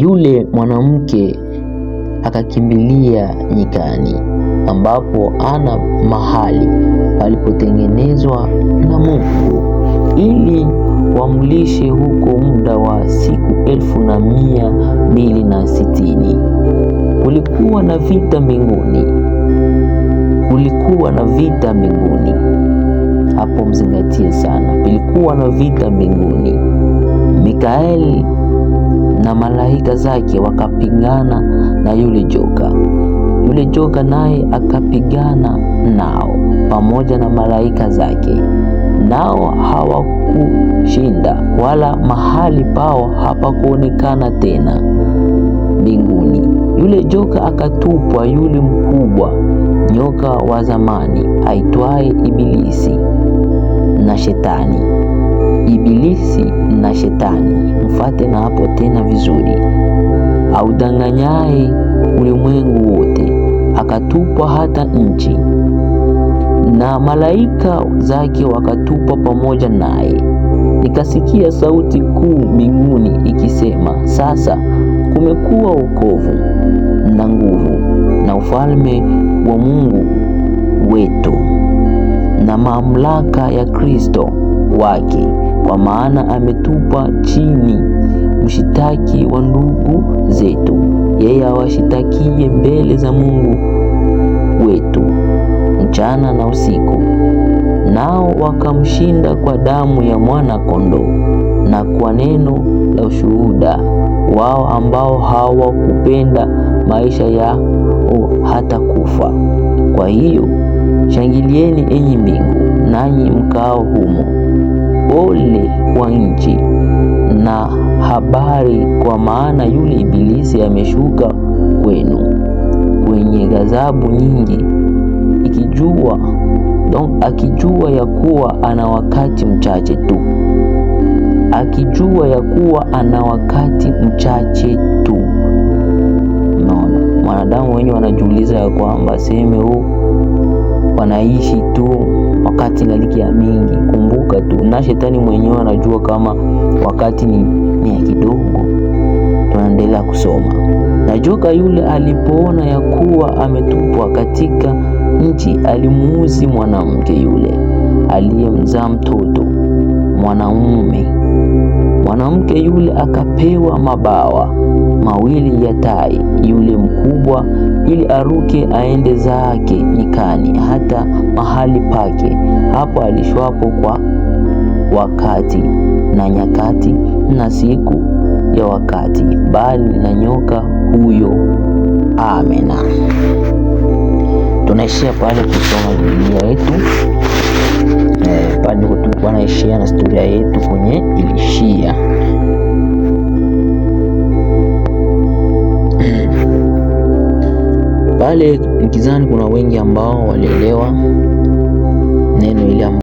Yule mwanamke akakimbilia nyikani, ambapo ana mahali palipotengenezwa na Mungu ili wamlishe huko muda wa siku elfu na mia mbili na sitini. Kulikuwa na vita mbinguni, kulikuwa na vita mbinguni. Hapo mzingatie sana, kulikuwa na vita mbinguni. Mikaeli na malaika zake wakapigana na yule joka. Yule joka naye akapigana nao pamoja na malaika zake, nao hawakushinda, wala mahali pao hapakuonekana tena mbinguni. Yule joka akatupwa yule mkubwa nyoka wa zamani aitwaye Ibilisi na Shetani Ibilisi na Shetani, mfate na hapo tena vizuri. Audanganyaye ulimwengu wote, akatupwa hata nchi, na malaika zake wakatupwa pamoja naye. Nikasikia sauti kuu mbinguni ikisema, sasa kumekuwa wokovu na nguvu na ufalme wa Mungu wetu na mamlaka ya Kristo wake kwa maana ametupa chini mshitaki wa ndugu zetu, yeye awashitakie mbele za Mungu wetu mchana na usiku. Nao wakamshinda kwa damu ya mwana kondoo na kwa neno la ushuhuda wao, ambao hawakupenda maisha yao hata kufa. Kwa hiyo shangilieni, enyi mbingu, nanyi mkao humo uadili wa nchi na habari, kwa maana yule Ibilisi ameshuka kwenu kwenye ghadhabu nyingi, ikijua don, akijua ya kuwa ana wakati mchache tu, akijua ya kuwa ana wakati mchache tu. Unaona, mwanadamu wenye wanajiuliza ya kwamba sehemu huu wanaishi tu ya mingi Kumbuka tu na shetani mwenyewe anajua kama wakati ni, ni ya kidogo. Tunaendelea kusoma. Na joka yule alipoona ya kuwa ametupwa katika nchi, alimuuzi mwanamke yule aliyemzaa mtoto mwanamume Mwanamke yule akapewa mabawa mawili ya tai yule mkubwa, ili aruke aende zake nyikani hata mahali pake hapo alishwapo kwa wakati na nyakati na siku ya wakati, bali na nyoka huyo. Amina. Tunaishia pale kusoma Biblia yetu bado ndiko tulikuwa naishia na historia yetu kwenye ilishia. Pale mkizani kuna wengi ambao walielewa neno ile